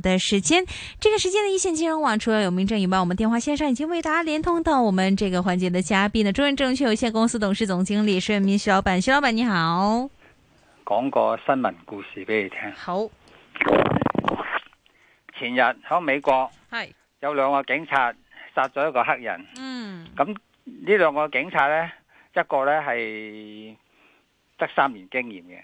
的時間，這個時間的一線金融網，除了有明正以外，我們電話線上已經為大家連通到我們這個環節的嘉賓呢。中原證券有限公司董事總經理徐潤民，徐老闆，徐老闆你好。講個新聞故事俾你聽。好，前日喺美國係有兩個警察殺咗一個黑人。嗯，咁呢兩個警察呢，一個呢係得三年經驗嘅。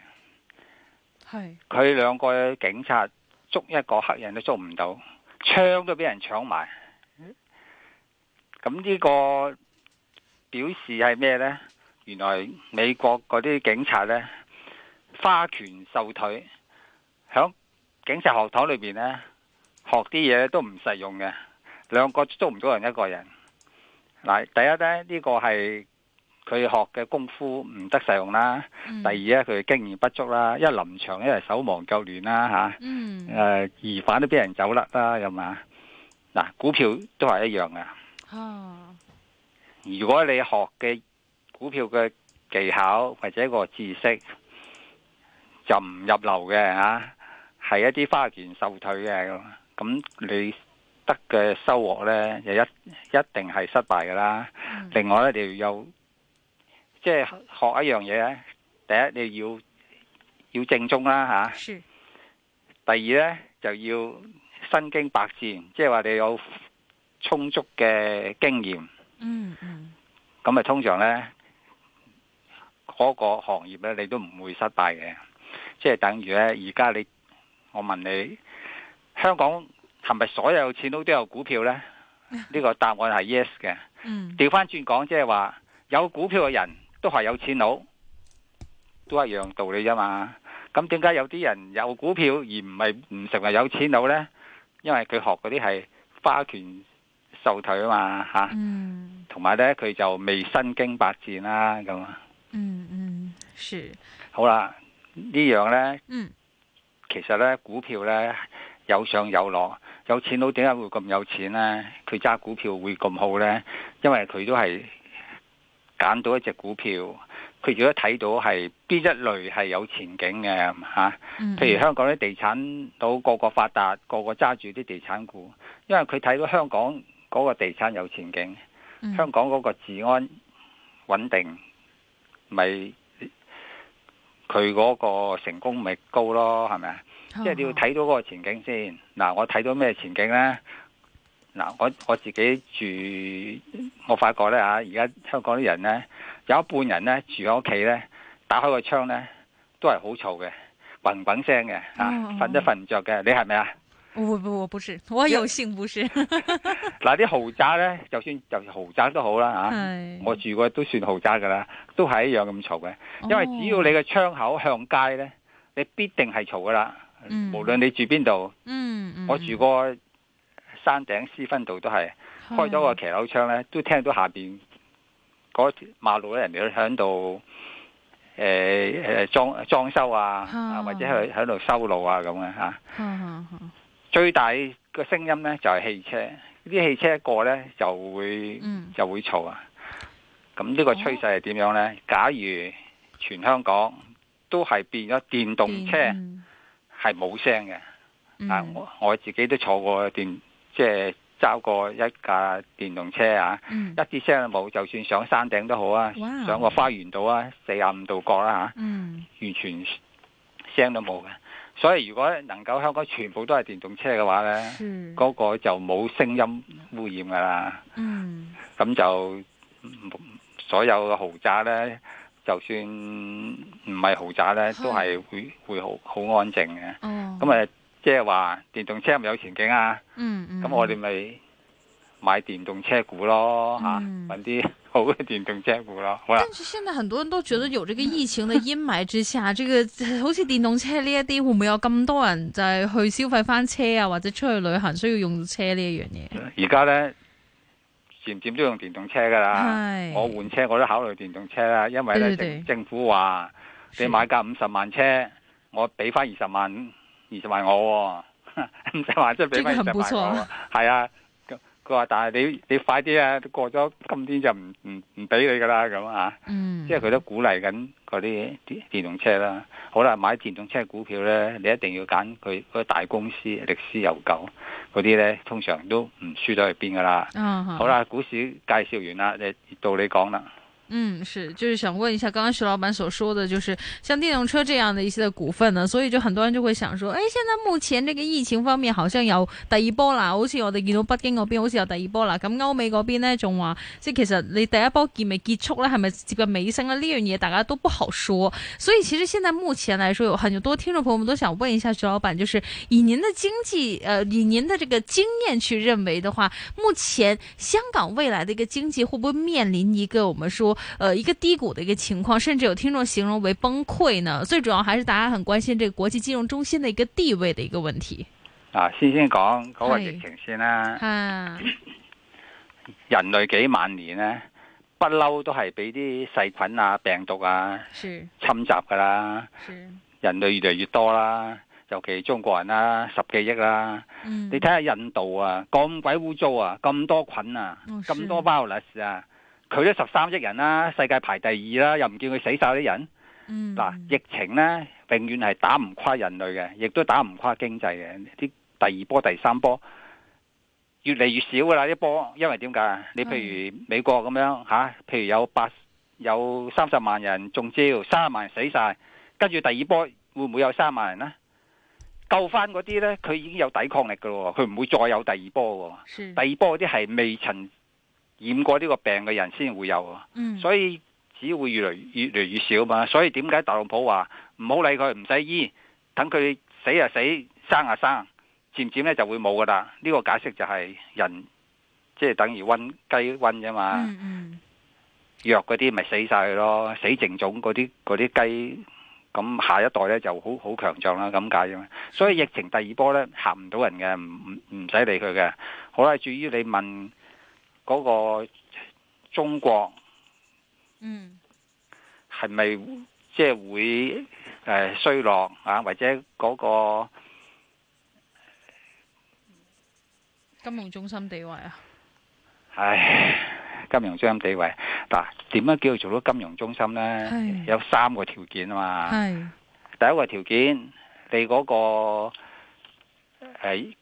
係，佢兩個警察。捉一個黑人都捉唔到，槍都俾人搶埋。咁、嗯、呢個表示係咩呢？原來美國嗰啲警察呢，花拳繡腿，響警察學堂裏邊呢，學啲嘢都唔實用嘅。兩個捉唔到人一個人，嗱第一呢，呢、呢個係。佢學嘅功夫唔得使用啦，第二咧佢經驗不足啦，因為臨場因為手忙腳亂啦吓，誒疑犯都俾人走甩啦，有冇？嗱，股票都係一樣噶。哦，如果你學嘅股票嘅技巧或者個知識就唔入流嘅吓，係一啲花拳繡腿嘅咁，咁你得嘅收穫咧就一一定係失敗噶啦。另外咧，你又即係學一樣嘢咧，第一你要要正宗啦吓。是。第二咧就要身經百戰，即係話你有充足嘅經驗。嗯嗯。咁咪通常咧嗰個行業咧，你都唔會失敗嘅。即係等於咧，而家你我問你，香港係咪所有錢都都有股票咧？呢個答案係 yes 嘅。嗯。調翻轉講，即係話有股票嘅人。都係有錢佬，都一樣道理啫嘛。咁點解有啲人有股票而唔係唔成為有錢佬呢？因為佢學嗰啲係花拳繡腿啊嘛，吓、啊。同、嗯、埋呢，佢就未身經百戰啦、啊，咁。嗯嗯，係。好啦，呢樣呢、嗯，其實呢，股票呢，有上有落，有錢佬點解會咁有錢呢？佢揸股票會咁好呢？因為佢都係。揀到一隻股票，佢如果睇到係邊一類係有前景嘅吓、啊嗯，譬如香港啲地產到個個發達，個個揸住啲地產股，因為佢睇到香港嗰個地產有前景，嗯、香港嗰個治安穩定，咪佢嗰個成功咪高咯，係咪啊？即係、就是、你要睇到個前景先。嗱、啊，我睇到咩前景呢？嗱，我我自己住，我發覺咧嚇，啊、而家香港啲人咧有一半人咧住喺屋企咧，打開個窗咧都係好嘈嘅，滾滾聲嘅嚇，瞓都瞓唔着嘅。你係咪啊？我我我不是，我有幸不是。嗱 啲豪宅咧，就算就豪宅都好啦嚇、啊哎，我住過都算豪宅噶啦，都係一樣咁嘈嘅。因為只要你嘅窗口向街咧，你必定係嘈噶啦。嗯，無論你住邊度。嗯，嗯，我住過。山頂私分道都係開咗個騎樓窗咧，都聽到下邊嗰條馬路咧，人哋喺度誒誒裝裝修啊，或者去喺度修路啊咁嘅嚇。最大嘅聲音咧就係、是、汽車，啲汽車過咧就會、嗯、就會嘈啊。咁呢個趨勢係點樣咧？哦？假如全香港都係變咗電動車，係冇聲嘅、嗯。啊，我我自己都坐過電。即係揸過一架電動車啊，一啲聲都冇，就算上山頂都好啊，上個花園道啊，四十五度角啦吓，完全聲都冇嘅。所以如果能夠香港全部都係電動車嘅話咧，嗰個就冇聲音污染噶啦咁就所有嘅豪宅咧，就算唔係豪宅咧，都係會會好好安靜嘅。咁啊。即係話電動車係咪有前景啊？咁、嗯嗯、我哋咪買電動車股咯吓，搵、嗯、啲、啊、好嘅電動車股咯。可是，現在很多人都覺得有這個疫情的陰霾之下，嗯、 這個好似電動車呢一啲會唔會有咁多人就係去消費翻車啊？或者出去旅行需要用車呢一樣嘢？而家呢，漸漸都用電動車噶啦。我換車我都考慮電動車啦，因為咧政政府話你買架五十萬車，我俾翻二十萬。二十萬我，唔使話真係俾翻二十萬我，係啊，佢話、啊、但係你你快啲啊，過咗今天就唔唔唔俾你噶啦咁啊，嗯，即係佢都鼓勵緊嗰啲電電動車啦，好啦，買電動車股票咧，你一定要揀佢嗰個大公司歷史悠久嗰啲咧，通常都唔輸咗去邊噶啦，嗯，好啦，嗯、股市介紹完啦，你到你講啦。嗯，是，就是想問一下，剛剛徐老闆所說的就是像電動車這樣的一些的股份呢，所以就很多人就會想說，哎，現在目前這個疫情方面好像有第二波啦，好似我哋見到北京嗰邊好似有第二波啦，咁歐美嗰邊咧仲話，即係其實你第一波結未結束啦，係咪接近尾聲咧？呢兩年大家都不好說，所以其實現在目前來說，有很多聽眾朋友們都想問一下徐老闆，就是以您的經濟，呃，以您的這個經驗去認為的話，目前香港未來的一個經濟會不會面臨一個我們說？誒、呃，一個低谷的一個情況，甚至有聽眾形容為崩潰呢。最主要還是大家很關心這個國際金融中心的一個地位的一個問題。啊，先先講嗰、那個疫情先啦。嗯、哎，人類幾萬年呢、啊，不嬲都係俾啲細菌啊、病毒啊是侵襲噶啦。是，人類越嚟越多啦，尤其中國人啦，十幾億啦。嗯、你睇下印度啊，咁鬼污糟啊，咁多菌啊，咁、哦、多包垃圾啊。佢都十三億人啦，世界排第二啦，又唔見佢死晒啲人。嗱、嗯，疫情咧，永遠係打唔垮人類嘅，亦都打唔垮經濟嘅。啲第二波、第三波越嚟越少噶啦，呢波，因為點解啊？你譬如美國咁樣吓、嗯啊，譬如有八有三十萬人中招，三十萬人死晒，跟住第二波會唔會有三萬人呢？救翻嗰啲咧，佢已經有抵抗力噶咯，佢唔會再有第二波。第二波嗰啲係未曾染過呢個病嘅人先會有，所以只會越嚟越嚟越少嘛。所以點解特朗普話唔好理佢，唔使醫，等佢死啊死，生啊生，漸漸咧就會冇噶啦。呢個解釋就係人即係等於瘟雞瘟啫嘛。弱嗰啲咪死晒咯，死淨種嗰啲嗰啲雞，咁下一代咧就好好強壯啦。咁解啫嘛。所以疫情第二波咧嚇唔到人嘅，唔唔唔使理佢嘅。好啦，至於你問。嗰個中國，嗯，係咪即係會誒衰落啊？或者嗰個金融中心地位啊？哎金融中心地位嗱，點樣叫做做到金融中心咧？係，有三個條件啊嘛。係，第一個條件，你嗰個誒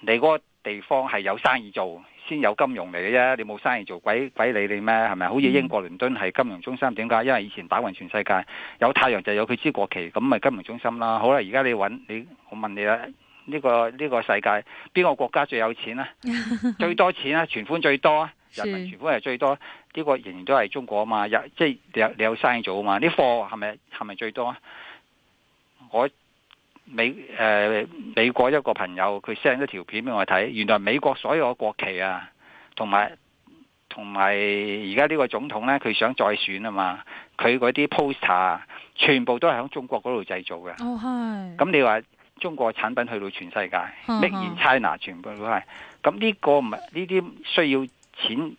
你嗰個地方係有生意做。先有金融嚟嘅啫，你冇生意做，鬼鬼理你咩？係咪？好似英國倫敦係金融中心，點解？因為以前打暈全世界，有太陽就有佢支國旗，咁咪金融中心啦。好啦，而家你搵你，我問你啦，呢個呢個世界邊個國家最有錢啊？ 最多錢啊？存款最多啊？人民存款係最多，呢個仍然都係中國啊嘛？又即係你有生意做啊嘛？啲貨係咪係咪最多啊？我。美誒、呃、美國一個朋友佢 send 咗條片俾我睇，原來美國所有嘅國旗啊，同埋同埋而家呢個總統咧，佢想再選啊嘛，佢嗰啲 poster 全部都係喺中國嗰度製造嘅。咁、oh, yes. 嗯、你話中國產品去到全世界 yes, yes. Made in China，全部都係。咁、嗯、呢、呢個唔係呢啲需要錢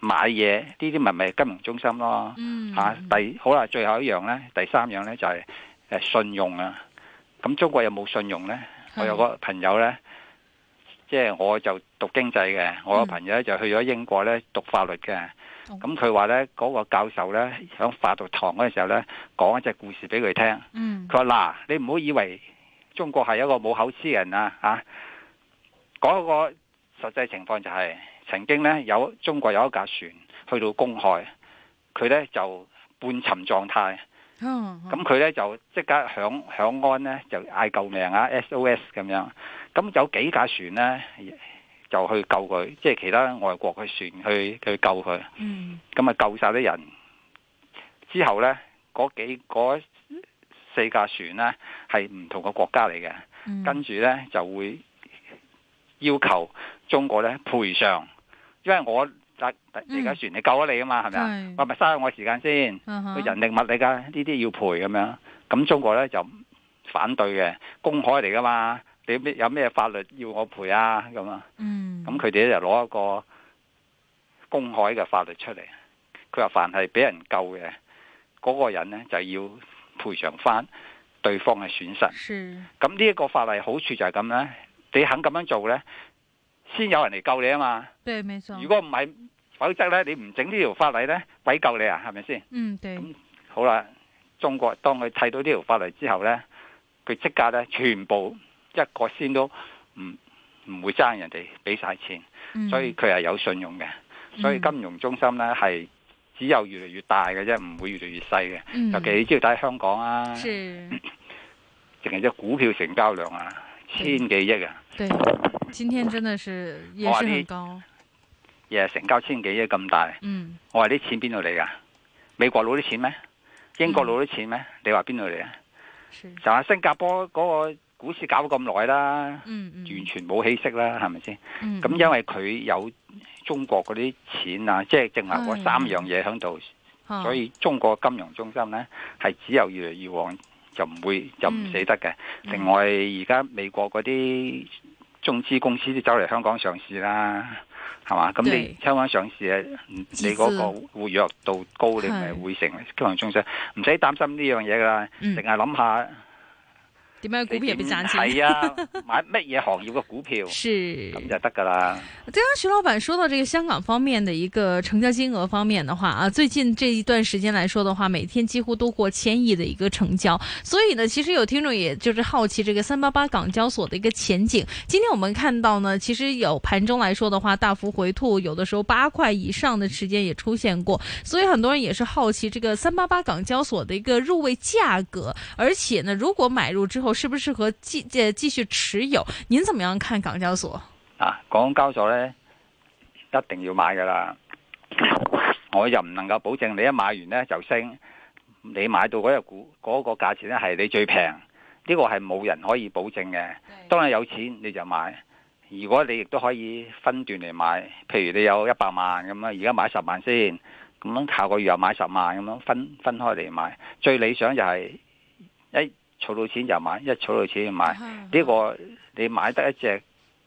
買嘢，呢啲咪咪金融中心咯。嗯、啊。第好啦，最後一樣咧，第三樣咧就係、是、信用啊。咁中國有冇信用呢？我有個朋友呢，即係我就讀經濟嘅，我個朋友呢就去咗英國呢讀法律嘅。咁佢話呢，嗰個教授呢，喺法度堂嗰陣時候呢，講一隻故事俾佢聽。佢話嗱，你唔好以為中國係一個冇口齒嘅人啊！啊，嗰個實際情況就係曾經呢，有中國有一架船去到公海，佢呢就半沉狀態。嗯，咁佢咧就即刻響響安咧就嗌救命啊 SOS 咁樣，咁有幾架船咧就去救佢，即係其他外國嘅船去去救佢。嗯，咁啊救晒啲人之後咧，嗰幾嗰四架船咧係唔同嘅國家嚟嘅，跟住咧就會要求中國咧賠償，因為我。第而家船救你救咗你啊嘛，係咪啊？話咪嘥咗我，我時間先，佢人力物力噶呢啲要賠咁樣，咁中國咧就反對嘅，公海嚟噶嘛，你咩有咩法律要我賠啊？咁啊，咁佢哋咧就攞一個公海嘅法律出嚟，佢話凡係俾人救嘅嗰，那個人咧就要賠償翻對方嘅損失。咁呢一個法例好處就係咁咧，你肯咁樣做咧？先有人嚟救你啊嘛！對，冇錯。如果唔係，否則咧你唔整呢條法例咧，鬼救你啊！係咪先？嗯，對。咁好啦，中國當佢睇到呢條法例之後咧，佢即刻咧全部一個先都唔唔會爭人哋俾晒錢，所以佢係有信用嘅、嗯。所以金融中心咧係只有越嚟越大嘅啫，唔會越嚟越細嘅、嗯。尤其你只要睇香港啊，淨係只股票成交量啊，千幾億啊。 今天真的是也是很高，耶成交千幾億咁大，我話啲錢邊度嚟噶？美國攞啲錢咩？英國攞啲錢咩？你話邊度嚟啊？就係新加坡嗰個股市搞咁耐啦，完全冇起色啦，係咪先？咁因為佢有中國嗰啲錢啊，即係淨係嗰三樣嘢響度，所以中國金融中心呢係只有越嚟越旺，就唔會就唔死得嘅。另外而家美國嗰啲。中資公司都走嚟香港上市啦，係嘛？咁你香港上市，你嗰個活躍度高，你咪會成金融中心，唔使擔心呢樣嘢㗎喇，淨係諗下。嗯點賣股票也被砸進，係啊，買乜嘢行業嘅股票，是，咁就得噶啦。剛剛徐老闆說到這個香港方面的一個成交金額方面的話啊，最近這一段時間來說的話，每天幾乎都過千億的一個成交，所以呢，其實有聽眾也就是好奇這個三八八港交所的一個前景。今天我們看到呢，其實有盤中來說的話，大幅回吐，有的時候八塊以上的時間也出現過，所以很多人也是好奇這個三八八港交所的一個入位價格，而且呢，如果買入之後，適不適合繼繼續持有？您怎麼樣看港交所？啊，港交所呢一定要買噶啦！我又唔能夠保證你一買完呢就升。你買到嗰隻股嗰個價錢咧係你最平，呢個係冇人可以保證嘅。當你有錢你就買。如果你亦都可以分段嚟買，譬如你有一百萬咁樣，而家買十萬先，咁樣下個月又買十萬咁樣分分開嚟買。最理想就係一。儲到錢就買，一儲到錢就買。呢、嗯，這個你買得一隻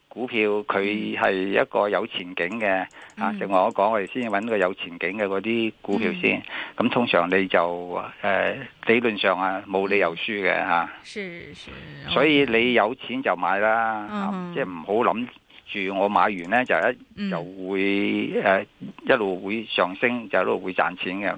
股票，佢、嗯、係一個有前景嘅、嗯，啊，正如我講，我哋先搵個有前景嘅嗰啲股票先。咁、嗯、通常你就誒、呃，理論上啊，冇理由輸嘅吓。係、係。所以你有錢就買啦，即係唔好諗住我買完呢就一就會誒、嗯啊、一路會上升就一路會賺錢嘅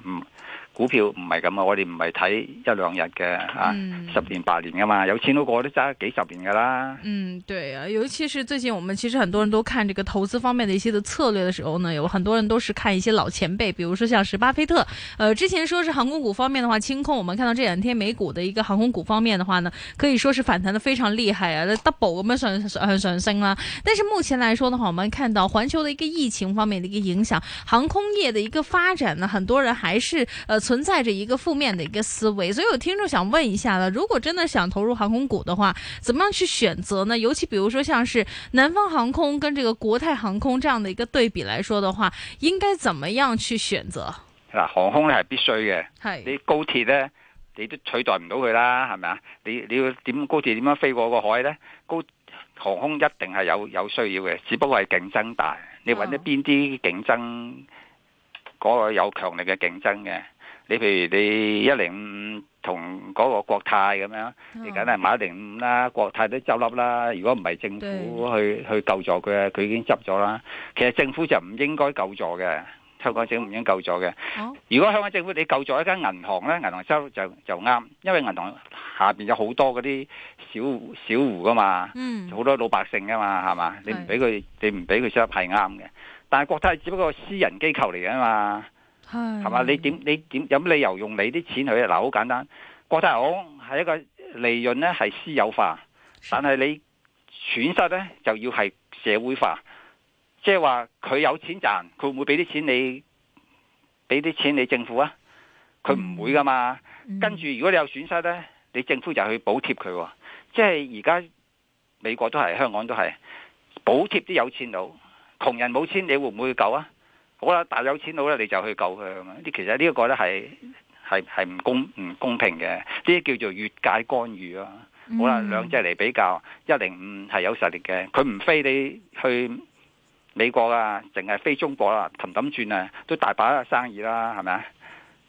股票唔係咁啊，我哋唔係睇一兩日嘅，十年八年㗎嘛，有錢都過都揸幾十年㗎啦。嗯，對啊，尤其是最近，我們其實很多人都看這個投資方面的一些的策略的時候呢，有很多人都是看一些老前輩，比如說像是巴菲特。呃，之前說是航空股方面的話清空，我們看到這兩天美股的一個航空股方面的話呢，可以說是反彈得非常厲害啊，double 我、嗯、們上上升啦。但是目前來說的話我們看到環球的一個疫情方面的一個影響，航空業的一個發展呢，很多人還是呃。存在着一個負面的一個思維，所以我聽眾想問一下了：如果真的想投入航空股的話，怎麼樣去選擇呢？尤其比如說像是南方航空跟這個國泰航空這樣的一個對比來說的話，應該怎麼樣去選擇？嗱，航空呢係必須嘅，係你高鐵呢，你都取代唔到佢啦，係咪啊？你你要點高鐵點樣飛過個海呢？高航空一定係有有需要嘅，只不過係競爭大，你搵得邊啲競爭嗰個有強力嘅競爭嘅。Oh. 你譬如你一零五同嗰個國泰咁樣，你梗係買一零五啦，國泰都執笠啦。如果唔係政府去去救助佢，佢已經執咗啦。其實政府就唔應該救助嘅，香港政府唔應該救助嘅、哦。如果香港政府你救助一間銀行咧，銀行收就就啱，因為銀行下邊有好多嗰啲小小戶噶嘛，好、嗯、多老百姓噶嘛，係嘛？你唔俾佢，你唔俾佢收，係啱嘅。但係國泰只不過私人機構嚟嘅噶嘛。係，係嘛？你點？你點？有咩理由用你啲錢去？嗱，好簡單，國泰航空係一個利潤咧係私有化，但係你損失咧就要係社會化，即係話佢有錢賺，佢會唔會俾啲錢你？俾啲錢你政府啊？佢唔會噶嘛？跟住如果你有損失咧，你政府就去補貼佢，即係而家美國都係，香港都係，補貼啲有錢佬，窮人冇錢，你會唔會救啊？好啦，大有錢佬咧，你就去救佢啊嘛！啲其實呢一個咧係係係唔公唔公平嘅，呢啲叫做越界干預啊！好啦，兩隻嚟比較，一零五係有實力嘅，佢唔飛你去美國啊，淨係飛中國啦、啊，氹氹轉啊，都大把生意啦，係咪啊？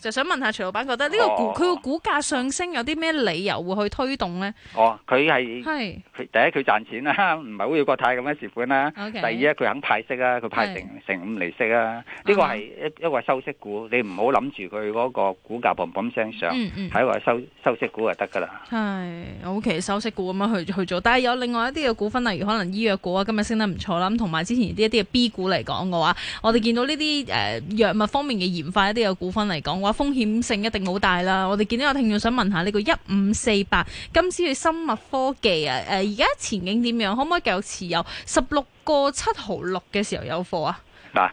就想問下徐老闆，覺得呢個股佢個、哦、股價上升有啲咩理由會去推動咧？哦，佢係係第一佢賺錢啦，唔係好似國泰咁樣蝕本啦。Okay, 第二咧，佢肯派息啦，佢派成成五厘息啦。呢、呢個係一一個收息股，你唔好諗住佢嗰個股價砰砰聲上，睇、嗯嗯、一收收息股就得㗎啦。係 OK，收息股咁樣去去做，但係有另外一啲嘅股份，例如可能醫藥股啊，今日升得唔錯啦，同埋之前啲一啲嘅 B 股嚟講嘅話，我哋見到呢啲誒藥物方面嘅研發一啲嘅股份嚟講風險性一定好大啦！我哋見到有聽眾想問下呢個一五四八金斯利生物科技啊，誒而家前景點樣？可唔可以繼續持有？十六個七毫六嘅時候有貨啊？嗱，誒、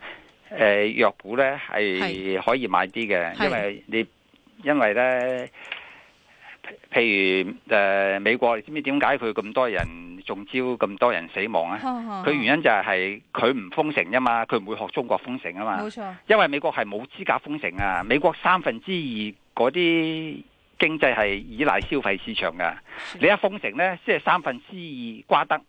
呃、藥股咧係可以買啲嘅，因為你因為咧。譬如誒、呃、美國，你知唔知點解佢咁多人中招，咁多人死亡啊？佢 原因就係佢唔封城啊嘛，佢唔會學中國封城啊嘛。冇錯， 因為美國係冇資格封城啊。美國三分之二嗰啲經濟係依賴消費市場㗎，你一封城呢，即係三分之二瓜得。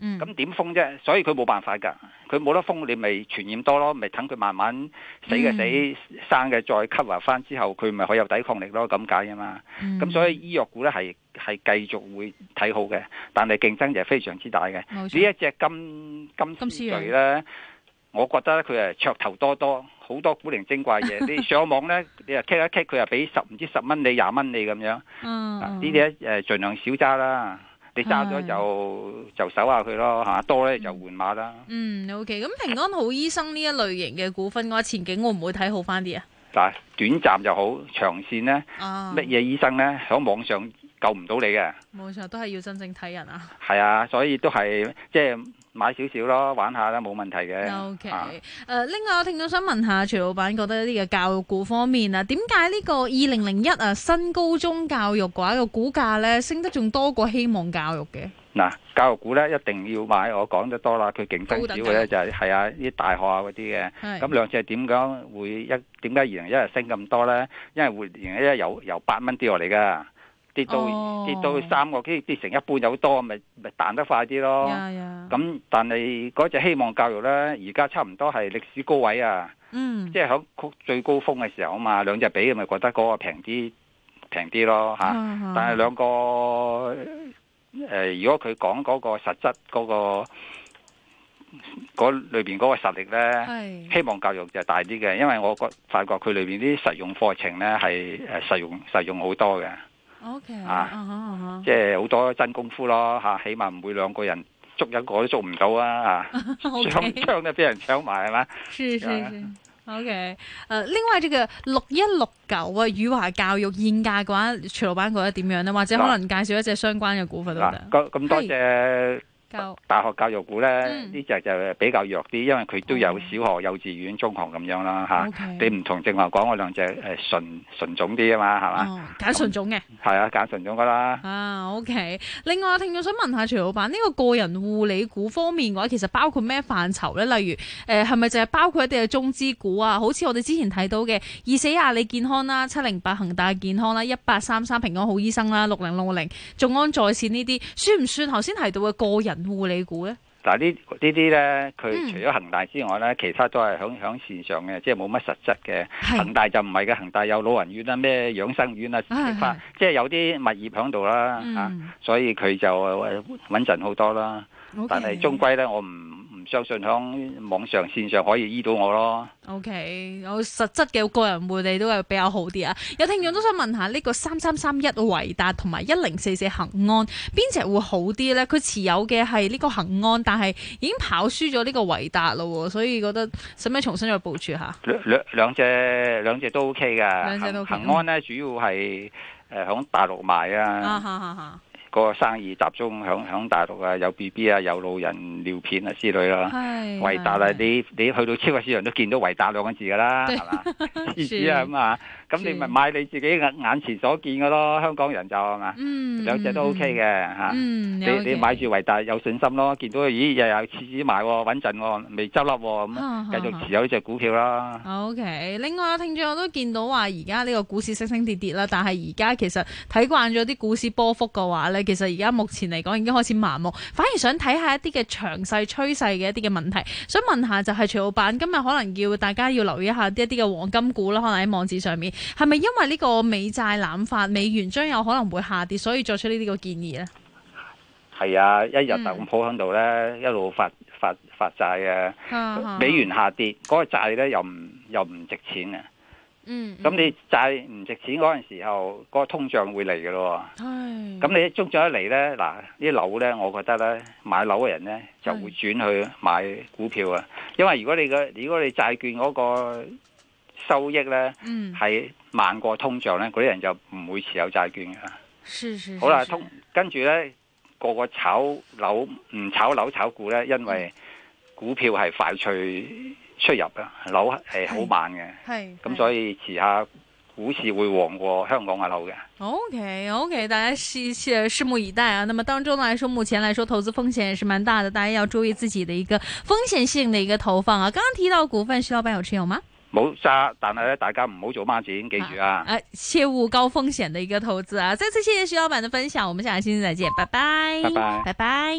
咁、嗯、點封啫？所以佢冇辦法噶，佢冇得封，你咪傳染多咯，咪等佢慢慢死嘅死，嗯、生嘅再吸納翻之後，佢咪可以有抵抗力咯，咁解啊嘛。咁、嗯、所以醫藥股咧係係繼續會睇好嘅，但係競爭就非常之大嘅。這一隻金金呢一隻金屍呢金絲錘咧，我覺得佢係噱頭多多，好多古靈精怪嘢。 你上網咧，你又 k 一 k，佢又俾十唔知十蚊你，廿蚊你咁樣。嗯，嗯。呢啲咧誒，盡量少揸啦。你揸咗就就守下佢咯，吓多咧就換碼啦。嗯，O K。咁、okay. 平安好醫生呢一類型嘅股份嘅話，前景我唔會睇好翻啲啊。但嗱，短暫就好，長線咧，乜、啊、嘢醫生咧，響網上救唔到你嘅。冇錯，都係要真正睇人啊。係啊，所以都係即係。買少少咯，玩下啦，冇問題嘅。O K，誒，另外我聽到想問下徐老闆，覺得呢個教育股方面啊，點解呢個二零零一啊新高中教育嘅話個股價咧升得仲多過希望教育嘅？嗱，教育股咧一定要買，我講得多啦，佢競爭高啲嘅咧就係係啊啲大學啊嗰啲嘅，咁兩隻點講會一點解二零一係升咁多咧？因為會而家由由八蚊跌落嚟㗎。跌到、oh. 跌到三個幾，跌跌成一半有多，咪咪彈得快啲咯。咁、yeah, yeah. 但係嗰隻希望教育呢，而家差唔多係歷史高位啊。Mm. 即係喺曲最高峰嘅時候啊嘛，兩隻比咪覺得嗰個平啲平啲咯嚇。Uh -huh. 但係兩個誒、呃，如果佢講嗰個實質嗰、嗰個嗰裏邊嗰個實力呢，mm. 希望教育就大啲嘅，因為我覺發覺佢裏邊啲實用課程呢，係誒實用實用好多嘅。O、okay, K、uh -huh. 啊，即係好多真功夫咯吓，啊，起碼唔會兩個人捉一個都捉唔到啊，雙、uh、槍 -huh. okay. 都俾人搶埋係嘛？是是是，O K，誒， okay. uh, 另外呢個六一六九啊，宇華教育現價嘅話，徐老闆覺得點樣咧？或者可能介紹一隻相關嘅股份都得。嗱，啊，咁咁多謝。大學教育股咧，呢、嗯、隻就比較弱啲，因為佢都有小學、幼稚園、中學咁樣啦嚇、嗯啊。你唔同正話講我兩隻誒純純，純種啲啊嘛，係嘛？哦，揀純種嘅，係、嗯、啊，揀純種噶啦。啊，OK。另外，聽眾想問下徐老闆，呢、這個個人護理股方面嘅話，其實包括咩範疇呢？例如，誒係咪就係包括一啲嘅中資股啊？好似我哋之前睇到嘅二四阿里健康啦、啊、七零八恒大健康啦、啊、一八三三平安好醫生啦、啊、六零六零眾安在線呢啲，算唔算頭先提到嘅個人？護理股咧，嗱呢呢啲咧，佢除咗恒大之外咧、嗯，其他都係響響線上嘅，即係冇乜實質嘅。恒大就唔係嘅，恒大有老人院啊，咩養生院啊，啊是是即係有啲物業響度啦，吓、嗯啊，所以佢就穩陣好多啦。是但係終歸咧，okay. 我唔。相信喺網上線上可以醫到我咯。O K，我實質嘅個人護理都係比較好啲啊！有聽眾都想問下呢個三三三一維達同埋一零四四恒安邊隻會好啲咧？佢持有嘅係呢個恒安，但係已經跑輸咗呢個維達咯，所以覺得使唔使重新再部署下？兩兩兩隻兩隻都 O K 噶。兩隻都恆安咧，主要係誒喺大陸買啊。啊哈哈哈！啊啊個生意集中響響大陸啊，有 BB 啊，有老人尿片啊之類啦。維達啦，你你去到超級市場都見到維達兩個字噶啦，係嘛？廁紙啊咁啊，咁你咪買你自己眼眼前所見嘅咯。香港人就係嘛，兩隻都 OK 嘅吓。你你買住維達有信心咯，見到咦又有廁紙賣喎，穩陣喎，未執笠喎，咁繼續持有呢隻股票啦。OK，另外聽眾我都見到話而家呢個股市升升跌跌啦，但係而家其實睇慣咗啲股市波幅嘅話咧。其實而家目前嚟講已經開始麻木，反而想睇下一啲嘅詳細趨勢嘅一啲嘅問題，想問下就係徐老闆，今日可能要大家要留意一下一啲嘅黃金股啦，可能喺網址上面，係咪因為呢個美債濫發，美元將有可能會下跌，所以作出呢啲嘅建議呢？係啊，一日特朗普響度呢一路發發發債啊，美元下跌，嗰個債呢又唔又唔值錢嘅。嗯，咁、嗯、你債唔值錢嗰陣時候，嗰、嗰個通脹會嚟嘅咯。係、哎，咁你中咗一嚟呢，嗱啲樓呢，我覺得呢買樓嘅人呢，就會轉去買股票啊、嗯。因為如果你嘅如果你債券嗰個收益呢，係、嗯、係慢過通脹呢，嗰啲人就唔會持有債券㗎啦。是是，是。好啦，通跟住呢，個個炒樓唔炒樓炒股呢，因為股票係快脆。出入啊，樓係好慢嘅，咁、嗯、所以遲下股市會旺過香港嘅樓嘅。OK OK，大家試，拭目以待啊。那麼當中來說，目前來說投資風險也是蠻大嘅，大家要注意自己的一個風險性的一個投放啊。剛剛提到股份，徐老闆有持有嗎？冇揸，但係咧大家唔好做孖展，記住啊。誒、啊啊，切勿高風險的一個投資啊！再次謝謝徐老闆的分享，我們下期,下個星期再見，拜拜，拜拜，拜拜。